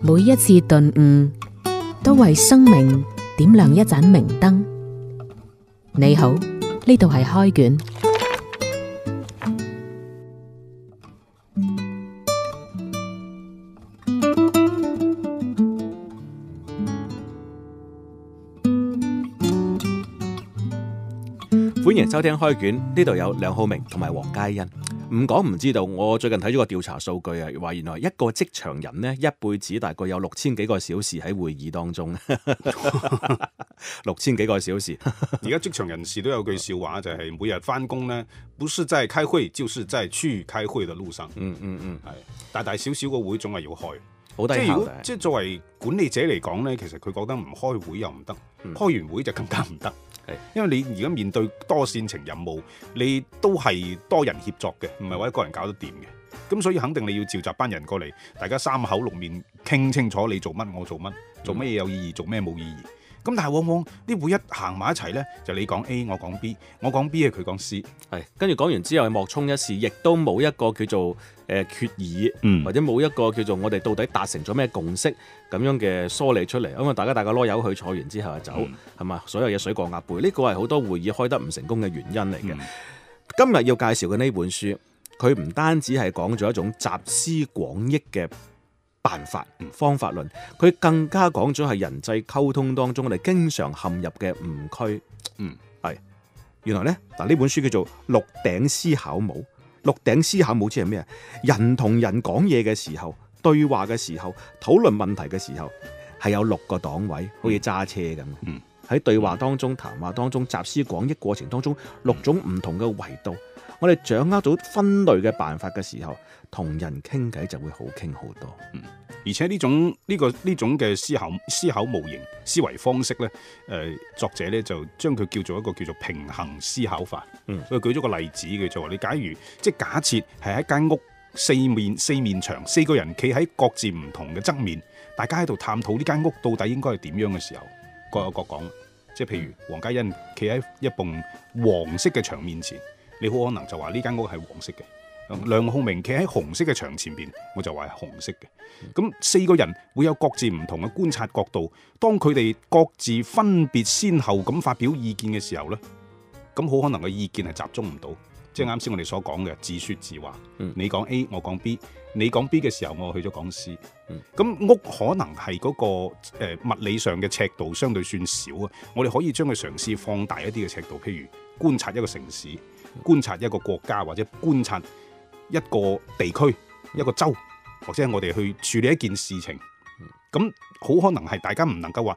每一次頓悟，都為生命點亮一盞明燈。你好，呢度係開卷，歡迎收聽開卷。呢度有梁浩明同埋黃嘉欣。唔講唔知道，我最近睇咗個調查數據啊，話原來一個職場人咧，一輩子大概有六千幾個小時喺會議當中， 六千幾個小時。而家職場人士都有句笑話，就係、是、每日翻工咧，不是在開會，就是在去開會嘅路上。嗯嗯嗯，係、嗯嗯、大大小小個會總係要開。即係如果 即係作為管理者嚟講咧，其實佢覺得唔開會又唔得，嗯、開完會就更加唔得，是因為你而家面對多線程任務，你都係多人協作嘅，唔係我一個人搞得掂嘅，咁所以肯定你要召集班人過嚟，大家三口六面傾清楚，你做乜我做乜，做乜嘢有意義，做咩冇意義。嗯嗯咁但係往往啲會一行埋一齊呢，就你講 A，我講 B，我講 B 係佢講，講 C，係跟住講完之後，莫衷一是，亦都冇一個叫做誒、呃、決議，嗯、或者冇一個叫做我哋到底達成咗咩共識咁樣嘅梳理出嚟，咁啊大家大家攞油去坐完之後就走，係咪、嗯？所有嘢水過鴨背，呢、這個係好多會議開得唔成功嘅原因嚟嘅。嗯、今日要介紹嘅呢本書，佢唔單止係講咗一種集思廣益嘅。辦法、方法論，佢更加講咗係人際溝通當中我哋經常陷入嘅誤區。嗯，係原來咧嗱呢本書叫做《六頂思考帽》。六頂思考帽指係咩啊？人同人講嘢嘅時候、對話嘅時候、討論問題嘅時候，係有六個檔位，好似揸車咁。嗯，喺對話當中、談話當中、集思廣益過程當中，六種唔同嘅維度。嗯我哋掌握到分類嘅辦法嘅時候，同人傾偈就會好傾好多。嗯，而且呢種呢、呢個呢種嘅思考思考模型思維方式咧，誒、呃、作者咧就將佢叫做一個叫做平衡思考法。嗯，佢舉咗個例子嘅就話：你假如即係假設，係喺間屋四面四面牆，四個人企喺各自唔同嘅側面，大家喺度探討呢間屋到底應該係點樣嘅時候，各有各講。即係譬如黃家欣企喺一棟黃色嘅牆面前。你好可能就話呢間屋係黃色嘅，mm hmm. 梁浩明企喺紅色嘅牆前邊，我就話係紅色嘅。咁、mm hmm. 四個人會有各自唔同嘅觀察角度，當佢哋各自分別先後咁發表意見嘅時候呢，咁好可能嘅意見係集中唔到，即係啱先我哋所講嘅自說自話。Mm hmm. 你講 A，我講 B，你講 B 嘅時候我去咗講 C。嗯、mm，咁、hmm. 屋可能係嗰、那個誒、呃、物理上嘅尺度相對算少啊，我哋可以將佢嘗試放大一啲嘅尺度，譬如觀察一個城市。觀察一個國家，或者觀察一個地區一個州，或者我哋去處理一件事情，咁好可能係大家唔能夠話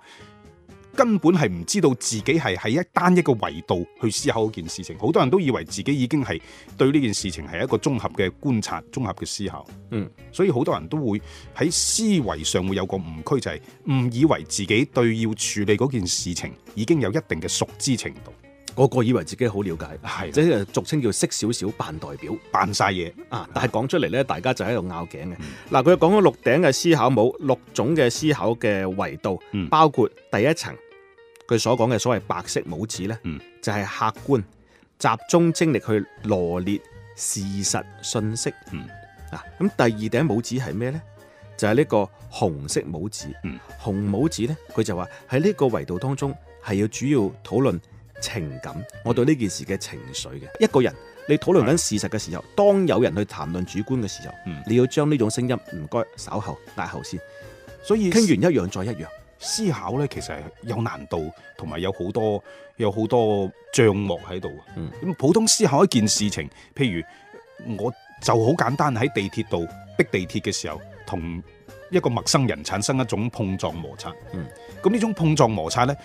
根本係唔知道自己係喺一單一個維度去思考嗰件事情。好多人都以為自己已經係對呢件事情係一個綜合嘅觀察、綜合嘅思考。嗯，所以好多人都會喺思維上會有個誤區，就係、是、誤以為自己對要處理嗰件事情已經有一定嘅熟知程度。個個以為自己好了解，係即係俗稱叫識少少扮代表，扮晒嘢啊！嗯、但係講出嚟咧，嗯、大家就喺度拗頸嘅嗱。佢講咗六頂嘅思考帽，六種嘅思考嘅維度，包括第一層佢所講嘅所謂白色帽子咧，就係、是、客觀集中精力去羅列事實信息啊。咁第二頂帽子係咩呢？就係、是、呢個紅色帽子，紅帽子呢，佢就話喺呢個維度當中係要主要討論。情感，我對呢件事嘅情緒嘅、嗯、一個人，你討論緊事實嘅時候，是當有人去談論主觀嘅時候，嗯，你要將呢種聲音唔該稍後帶後先。所以傾完一樣再一樣思考呢，其實係有難度，同埋有好多有好多障礙喺度。咁、嗯、普通思考一件事情，譬如我就好簡單喺地鐵度逼地鐵嘅時候，同一個陌生人產生一種碰撞摩擦。嗯，咁呢種碰撞摩擦呢，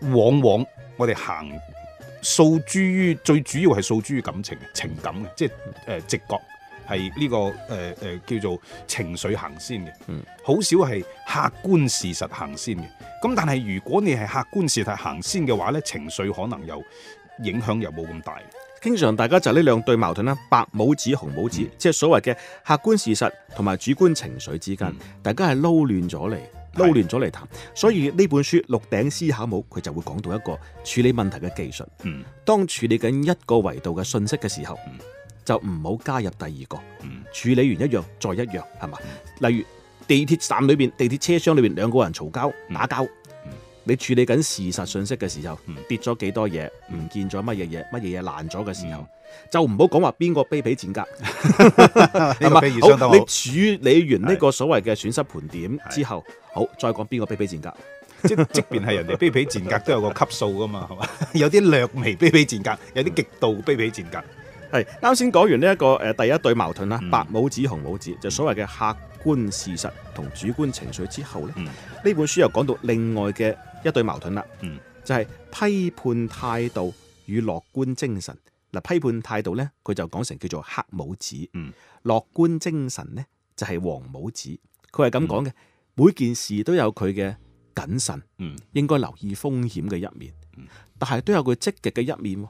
往往，往。我哋行訴諸於最主要係訴諸於感情嘅情感嘅，即係誒直覺係呢、這個誒誒、呃、叫做情緒行先嘅，嗯，好少係客觀事實行先嘅。咁但係如果你係客觀事實行先嘅話咧，情緒可能有影響又冇咁大。經常大家就係呢兩對矛盾啦，白帽子紅帽子，嗯、即係所謂嘅客觀事實同埋主觀情緒之間，嗯、大家係撈亂咗嚟。撈亂咗嚟談，係。所以呢本書、嗯、《六頂思考帽》佢就會講到一個處理問題嘅技術。嗯，當處理緊一個維度嘅信息嘅時候，嗯、就唔好加入第二個。嗯、處理完一樣再一樣，係嘛？嗯、例如地鐵站裏邊、地鐵車廂裏邊兩個人嘈交、嗯、打交。你處理緊事實信息嘅時候，嗯、跌咗幾多嘢，唔見咗乜嘢嘢，乜嘢嘢爛咗嘅時候，嗯、就唔好講話邊個卑鄙賤格。 你反處理完呢個所謂嘅損失盤點之後，是的 好，再講邊個卑鄙賤格。的 即即，即，即，即便係人哋卑鄙賤格都有個級數噶嘛，係嘛？有啲略微卑鄙賤格，有啲極度卑鄙賤格、嗯。係啱先講完呢一個誒第一對矛盾啦，白帽子紅帽子就所謂嘅黑。觀事實同主觀情緒之後呢，呢、嗯、本書又講到另外嘅一對矛盾啦，嗯、就係批判態度與樂觀精神嗱。批判態度呢，佢就講成叫做黑帽子，嗯、樂觀精神呢，就係、是、黃帽子。佢係咁講嘅，嗯、每件事都有佢嘅謹慎，嗯、應該留意風險嘅一面，但係都有佢積極嘅一面。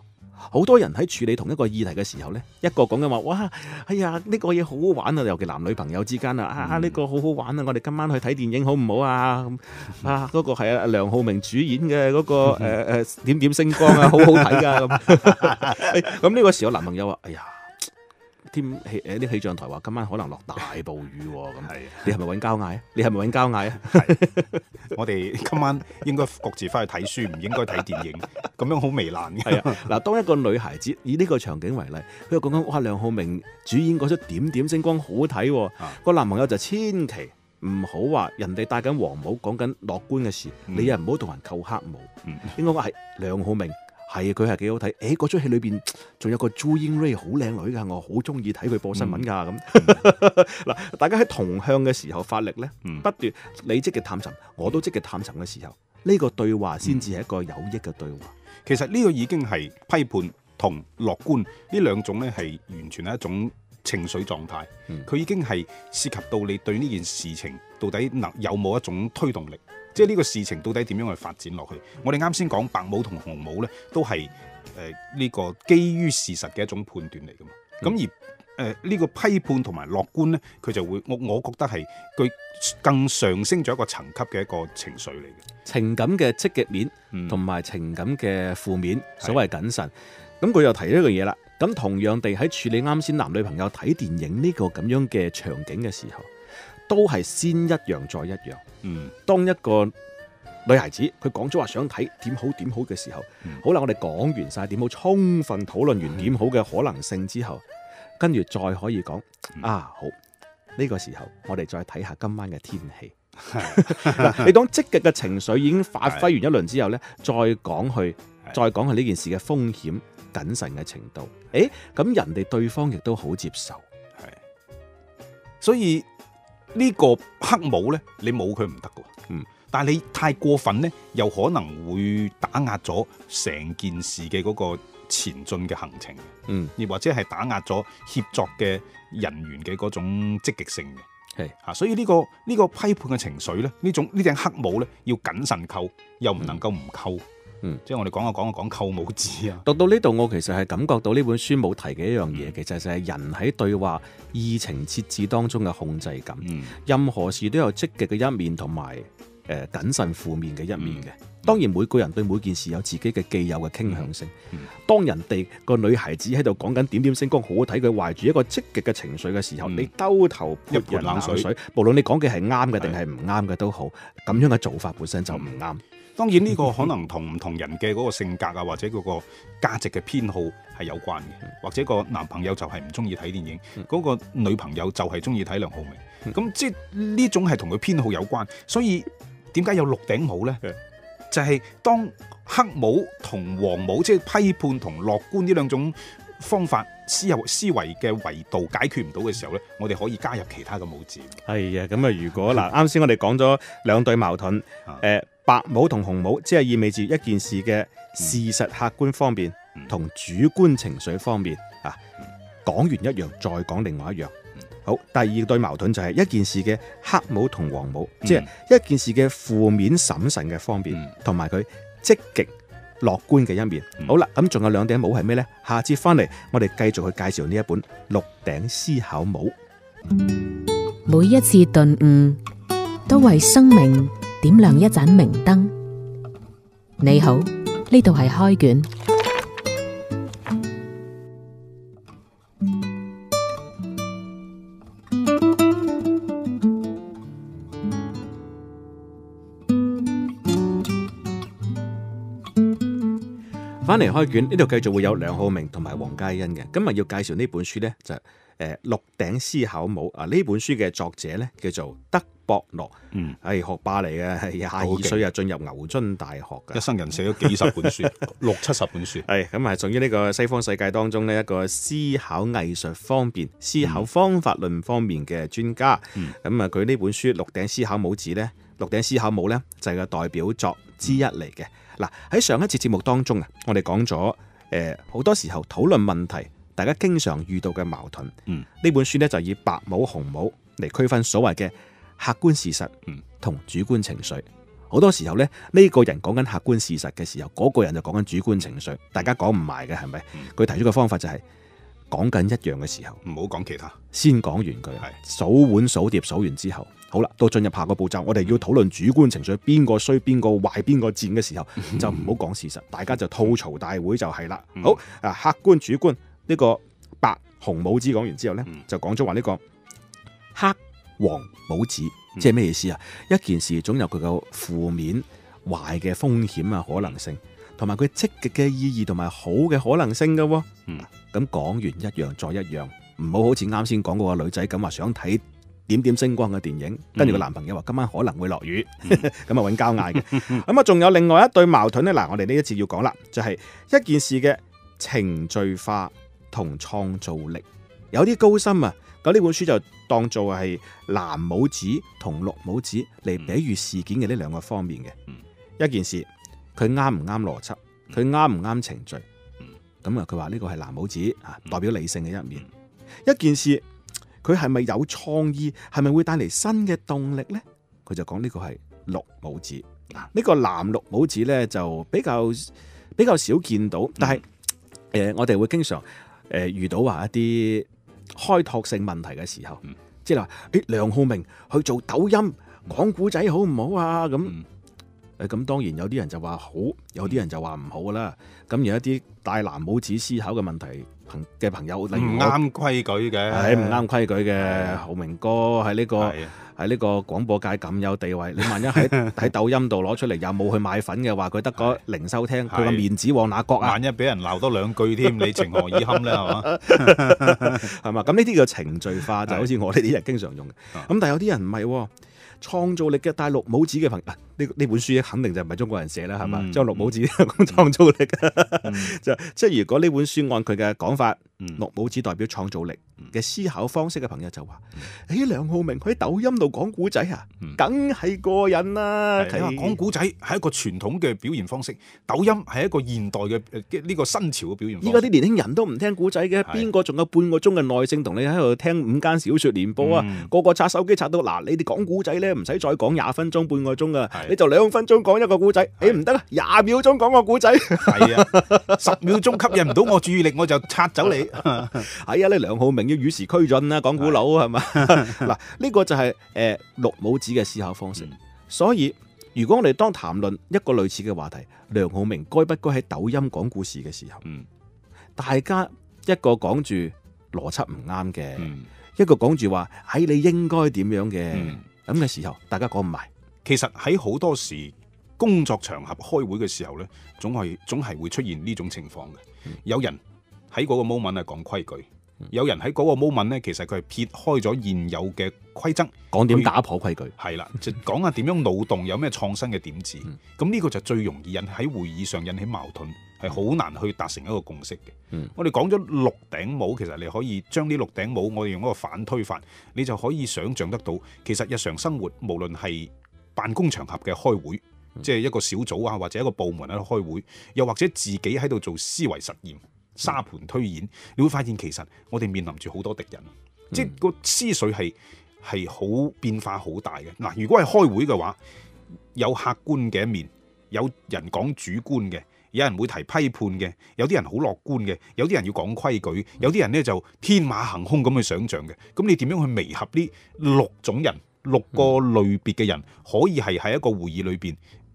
好多人喺處理同一個議題嘅時候呢，一個講緊話，哇，哎呀，呢個嘢好好玩啊。尤其男女朋友之間啊，啊呢個好好玩啊，我哋今晚去睇電影好唔好啊？啊，嗰個係啊，梁浩明主演嘅嗰個誒誒點點星光啊，好好睇噶咁。咁呢個時候男朋友話：哎呀。天氣誒啲氣象台話今晚可能落大暴雨喎，咁 的你係咪揾交嗌啊？你係咪揾交嗌啊？ 我哋今晚應該各自翻去睇書，唔應該睇電影，咁樣好糜爛嘅。係啊，嗱，當一個女孩子以呢個場景為例，佢講緊哇，梁浩明主演嗰出《點點星光》好睇，哦，個的男朋友就千祈唔好話人哋戴緊黃帽講緊樂觀嘅事，嗯、你又唔好同人扣黑帽。嗯、應該講係梁浩明。係，佢係幾好睇？誒，嗰出戲裏邊仲有個朱茵 Ray 好靚女㗎，我好中意睇佢播新聞㗎。咁。嗱、嗯， 大家喺同向嘅時候發力咧，不斷、嗯、你積極探尋，我都積極探尋嘅時候，呢、呢個對話先至係一個有益嘅對話。嗯、其實呢個已經係批判同樂觀呢兩種咧，係完全係一種情緒狀態。佢、嗯、已經係涉及到你對呢件事情到底能有冇一種推動力。即係呢個事情到底點樣去發展落去？我哋啱先講白帽同紅帽呢，都係誒呢個基於事實嘅一種判斷嚟噶嘛咁、嗯、而誒呢、呃呢個批判同埋樂觀呢，佢就會我我覺得係佢更上升咗一個層級嘅一個情緒嚟嘅。情感嘅積極面同埋、嗯、情感嘅負面，所謂謹慎。咁佢是又提咗一樣嘢啦。咁同樣地喺處理啱先男女朋友睇電影呢個咁樣嘅場景嘅時候，都係先一樣再一樣。嗯，當一個女孩子佢講咗話想睇點好點好嘅時候，嗯、好啦，我哋講完晒點好，充分討論完點好嘅可能性之後，跟住再可以講啊，好呢、這個時候我哋再睇下今晚嘅天氣。 你當積極嘅情緒已經發揮完一輪之後呢，嗯、再講去，再講去呢件事嘅風險、謹慎嘅程度。誒、欸，咁人哋對方亦都好接受。所以。呢個黑帽咧，你冇佢唔得嘅，嗯。但係你太過分咧，又可能會打壓咗成件事嘅嗰個前進嘅行程，嗯。亦或者係打壓咗協作嘅人員嘅嗰種積極性嘅，係啊、嗯。所以呢、呢個呢、呢個批判嘅情緒咧，呢種呢頂黑帽咧，要謹慎扣，又唔能夠唔扣。嗯嗯，即係我哋講啊講啊講扣帽子啊，讀到呢度我其實係感覺到呢本書冇提嘅一樣嘢，嗯、其實就係人喺對話、議程設置當中嘅控制感。嗯、任何事都有積極嘅一面同埋誒謹慎負面嘅一面嘅。嗯、當然每個人對每件事有自己嘅既有嘅傾向性。嗯，嗯當人哋、那個女孩子喺度講緊點點星光好好睇，佢懷住一個積極嘅情緒嘅時候，嗯、你兜頭一盆冷水，冷水無論你講嘅係啱嘅定係唔啱嘅都好，咁樣嘅做法本身就唔啱。當然呢個可能同唔同人嘅嗰個性格啊，或者嗰個價值嘅偏好係有關嘅，或者個男朋友就係唔中意睇電影，嗰、嗯、個女朋友就係中意睇梁浩明，咁、嗯、即係呢種係同佢偏好有關。所以點解有六頂帽呢？是就係當黑帽同黃帽，即係批判同樂觀呢兩種方法思有思維嘅維度解決唔到嘅時候呢，我哋可以加入其他嘅帽子。係呀，咁啊，如果嗱啱先我哋講咗兩對矛盾，誒的。嗯白帽同紅帽，即係意味住一件事嘅事實客觀方面同、嗯、主觀情緒方面啊。講完一樣，再講另外一樣。好，第二對矛盾就係一件事嘅黑帽同黃帽，嗯、即係一件事嘅負面審慎嘅方面，同埋佢積極樂觀嘅一面。嗯、好啦，咁、嗯、仲有兩頂帽係咩呢？下次翻嚟，我哋繼續去介紹呢一本《六頂思考帽》嗯。每一次頓悟，都為生命。點亮一盞明燈。你好，呢度係開卷。翻嚟開卷，呢度繼續會有梁浩明同埋黃嘉欣嘅。今日要介紹呢本書呢就。誒，六頂思考帽啊！呢本書嘅作者呢，叫做德博諾，係、嗯哎、學霸嚟嘅，係廿二歲啊，進入牛津大學嘅，一生人寫咗幾十本書， 六七十本書。係咁啊，係屬於呢個西方世界當中呢一個思考藝術方面、思考方法論方面嘅專家。咁啊，佢呢本書《六頂思考帽子》呢，《六頂思考帽》呢，就係、是、個代表作之一嚟嘅。嗱喺、嗯、上一次節目當中啊，我哋講咗誒，好多時候討論問題。大家經常遇到嘅矛盾，嗯，呢本書呢就以白帽紅帽嚟，區分所謂嘅客觀事實，同主觀情緒。好多時候呢，呢個人講緊客觀事實嘅時候，嗰個人就講緊主觀情緒，大家講唔埋嘅係咪？佢提出嘅方法就係講緊一樣嘅時候，唔好講其他，先講完佢，係數碗數碟數完之後，好啦，到進入下個步驟，我哋要討論主觀情緒，邊個衰邊個壞邊個賤嘅時候，就唔好講事實，大家就吐槽大會就係啦。好啊，客觀主觀。呢個白紅帽子講完之後呢，嗯、就講咗話呢個黑黃帽子，即係咩意思啊？嗯、一件事總有佢嘅負面壞嘅風險啊，可能性，同埋佢積極嘅意義同埋好嘅可能性噶、啊。嗯，咁講完一樣再一樣，唔好好似啱先講嗰個女仔咁話想睇點點星光嘅電影，跟住個男朋友話今晚可能會落雨，咁啊搵交嗌嘅。咁啊，仲有另外一對矛盾呢？嗱，我哋呢一節要講啦，就係、是、一件事嘅程序化。就是同創造力有啲高深啊！咁呢本書就當做係藍帽子同綠帽子嚟比喻事件嘅呢兩個方面嘅。嗯、一件事佢啱唔啱邏輯，佢啱唔啱程序。咁啊、嗯，佢話呢個係藍帽子嗯，嚇，代表理性嘅一面。嗯、一件事佢係咪有創意，係咪會帶嚟新嘅動力呢？佢就講呢個係綠帽子。嗱，呢個藍綠帽子呢，就比較比較少見到，但係誒、呃，我哋會經常，誒、呃、遇到話一啲開拓性問題嘅時候，即係話誒梁浩明去做抖音講古仔好唔好啊？咁。嗯咁當然有啲人就話好，有啲人就話唔好噶啦。咁有一啲大藍帽子思考嘅問題，朋嘅朋友，例如唔啱規矩嘅，係唔啱規矩嘅。浩對明哥喺呢個喺呢對個廣播界咁有地位，你萬一喺喺抖音度攞出嚟又冇去買粉嘅話，佢得個零收聽，佢個對面子往哪角啊？萬一俾人鬧多兩句添，你情何以堪呢？係嘛， 係嘛。咁呢啲叫程序化就好似我呢啲人經常用嘅。咁對 但係有啲人唔係，創造力嘅大綠帽子嘅朋友。呢呢本書咧，肯定就唔係中國人寫啦，係嘛？將六母子講創造力，就即係如果呢本書按佢嘅講法，六母子代表創造力嘅思考方式嘅朋友就話：誒梁浩明佢喺抖音度講古仔啊，梗係過癮啦！佢話講古仔係一個傳統嘅表現方式，抖音係一個現代嘅呢個新潮嘅表現。依家啲年輕人都唔聽古仔嘅，邊個仲有半個鐘嘅耐性同你喺度聽五間小説連播啊？個個刷手機刷到嗱，你哋講古仔咧，唔使再講廿分鐘半個鐘啊。你就兩分鐘講一個故仔，誒唔得啦，廿秒鐘講個故仔，係 啊，十秒鐘吸引唔到我注意力，我就拆走你。 哎呀，你梁浩明要與時俱進啦，講古佬係嘛？嗱呢的是吧、 這個就係、是、誒、呃、六帽子嘅思考方式。嗯、所以，如果我哋當談論一個類似嘅話題，梁浩明該不該喺抖音講故事嘅時候，嗯，大家一個講住邏輯唔啱嘅，嗯、一個講住話哎，你應該點樣嘅，嗯，咁嘅時候，大家講唔埋。其實喺好多時工作場合開會嘅時候呢，總係總係會出現呢種情況嘅。嗯、有人喺嗰個 moment 係講規矩，嗯、有人喺嗰個 moment 呢，其實佢係撇開咗現有嘅規則，講點打破規矩係啦，就講下點樣腦洞有咩創新嘅點子。咁呢、嗯、個就最容易引喺會議上引起矛盾，係好、嗯、難去達成一個共識嘅。嗯、我哋講咗六頂帽，其實你可以將呢六頂帽我哋用一個反推法，你就可以想像得到，其實日常生活無論係，辦公場合嘅開會，即係一個小組啊，或者一個部門喺度開會，又或者自己喺度做思維實驗、沙盤推演，你會發現其實我哋面臨住好多敵人，嗯、即係個思緒係係好變化好大嘅。嗱，如果係開會嘅話，有客觀嘅一面，有人講主觀嘅，有人會提批判嘅，有啲人好樂觀嘅，有啲人要講規矩，有啲人呢就天馬行空咁去想像嘅。咁你點樣去彌合呢六種人？六個類別嘅人可以係喺一個會議裏邊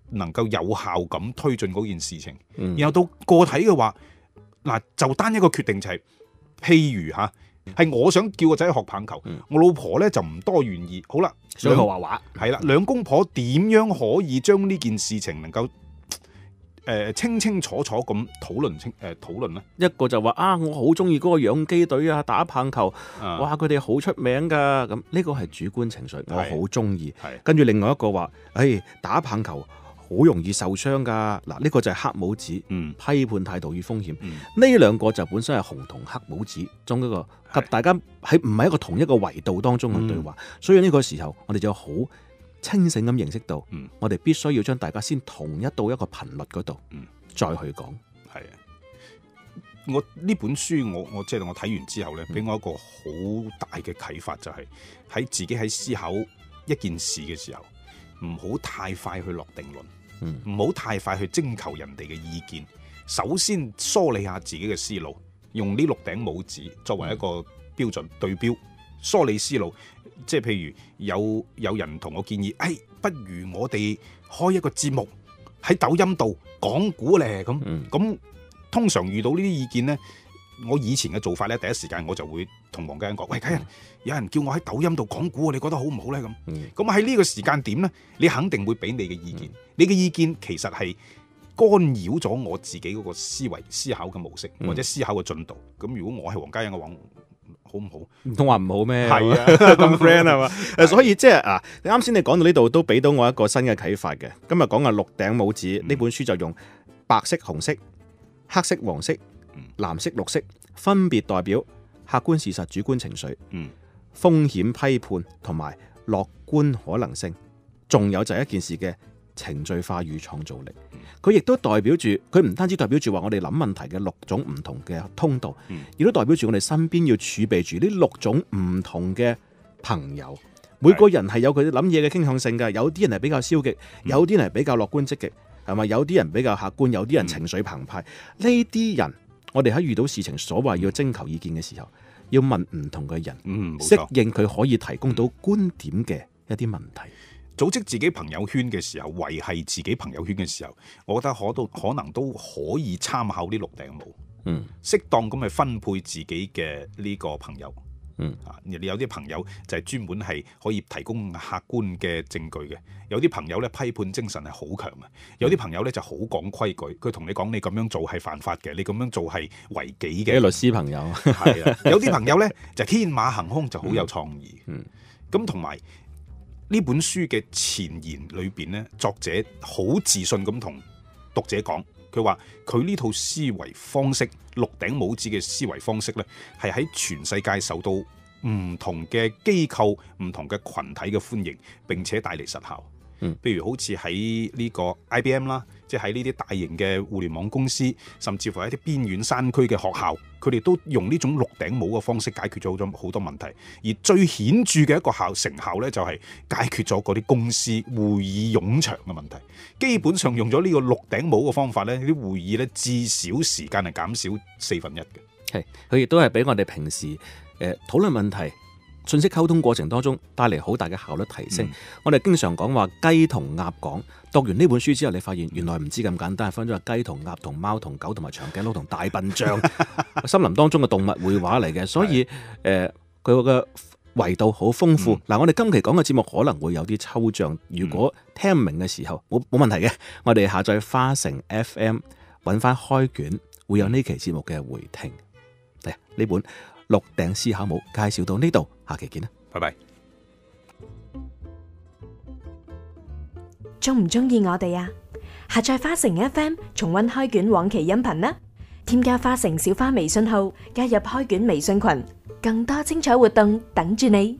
能夠有效咁推進嗰件事情，嗯、然後到個體嘅話，嗱就單一個決定就係、係，譬如吓，係我想叫個仔學棒球，嗯、我老婆咧就唔多願意，好啦想學畫畫，係啦，兩公婆點樣可以將呢件事情能夠？誒清清楚楚咁討論清誒、呃、討論咧，一個就話啊，我好中意嗰個洋基隊啊，打棒球，嗯、哇佢哋好出名㗎，咁呢個係主觀情緒，我好中意。是跟住另外一個話，誒、欸、打棒球好容易受傷㗎，嗱呢、這個就係黑帽子，嗯、批判態度與風險。呢、嗯、兩個就本身係紅同黑帽子中一個，及大家喺唔係一個同一個維度當中嘅對話，嗯、所以呢個時候我哋就好清醒咁認識到，嗯、我哋必須要將大家先統一到一個頻率嗰度，嗯、再去講。係啊，我呢本書我我即係我睇完之後呢，俾、嗯、我一個好大嘅啟發就係、是、喺自己喺思考一件事嘅時候，唔好太快去落定論，唔好、嗯、太快去徵求人哋嘅意見。首先梳理下自己嘅思路，用呢六頂帽子作為一個標準對標。嗯嗯。梳理思路，即係譬如有有人同我建議，誒、哎，不如我哋開一個節目喺抖音度講股咧，咁咁通常遇到呢啲意見呢，我以前嘅做法呢，第一時間我就會同黃家欣講，喂，家欣，嗯、有人叫我喺抖音度講股，你覺得好唔好呢？咁咁喺呢個時間點呢，你肯定會俾你嘅意見，嗯、你嘅意見其實係干擾咗我自己嗰個思維思考嘅模式或者思考嘅進度。咁、嗯、如果我係黃家欣嘅話，好唔好？唔通話唔好咩？係啊，咁 friend 係嘛？所以即係啊， 你啱先你講到呢度都俾到我一個新嘅啟發嘅。今日講嘅六頂帽子呢、嗯、本書就用白色、紅色、黑色、黃色、嗯、藍色、綠色分別代表客觀事實、主觀情緒、嗯、風險批判同埋樂觀可能性，仲有，有就係一件事嘅。程序化與創造力，佢亦都代表住佢，唔單止代表住話我哋諗問題嘅六種唔同嘅通道，亦、嗯、都代表住我哋身邊要儲備住呢六種唔同嘅朋友。每個人係有佢諗嘢嘅傾向性嘅，有啲人係比較消極，有啲人係比較樂觀積極，係嘛？有啲人比較客觀，有啲人情緒澎湃。呢啲、嗯、人，我哋喺遇到事情所謂要徵求意見嘅時候，要問唔同嘅人，嗯，適應佢可以提供到觀點嘅一啲問題。組織自己朋友圈嘅時候，維繫自己朋友圈嘅時候，我覺得可都可能都可以參考呢六頂帽，嗯，適當咁嘅分配自己嘅呢個朋友，嗯，啊，你有啲朋友就係專門係可以提供客觀嘅證據嘅，有啲朋友咧批判精神係好強嘅，有啲朋友咧就好講規矩，佢同你講你咁樣做係犯法嘅，你咁樣做係違紀嘅，有啲律師朋友，係 啊，有啲朋友咧就天馬行空，就好有創意，嗯，咁同埋。呢本書嘅前言裏邊咧，作者好自信咁同讀者講，佢話佢呢套思維方式六頂帽子嘅思維方式咧，係喺全世界受到唔同嘅機構、唔同嘅群體嘅歡迎，並且帶嚟實效。嗯，譬如好似喺呢個 IBM 啦。即係喺呢啲大型嘅互聯網公司，甚至乎喺啲邊遠山區嘅學校，佢哋都用呢種六頂帽嘅方式解決咗好多問題。而最顯著嘅一個效成效呢，就係解決咗嗰啲公司會議冗長嘅問題。基本上用咗呢個六頂帽嘅方法呢，啲會議呢，至少時間係減少四分一嘅。係，佢亦都係畀我哋平時誒、呃、討論問題，信息溝通過程當中帶嚟好大嘅效率提升。嗯、我哋經常講話雞同鴨講。讀完呢本書之後，你發現原來唔知咁簡單，分咗個雞同鴨、同貓同狗、同埋長頸鹿同大笨象 森林當中嘅動物繪畫嚟嘅，所以誒佢個維度好豐富嗱、嗯。我哋今期講嘅節目可能會有啲抽象，如果聽唔明嘅時候冇冇、嗯、問題嘅。我哋下載花城 F.M. 揾翻開卷，會有呢期節目嘅回聽嚟。呢本《六頂思考帽》介紹到呢度。下期見啦，拜拜！中唔中意我哋啊？下載花城 FM 重溫開卷往期音頻啦，添加花城小花微信號，加入開卷微信群，更多精彩活動等住你。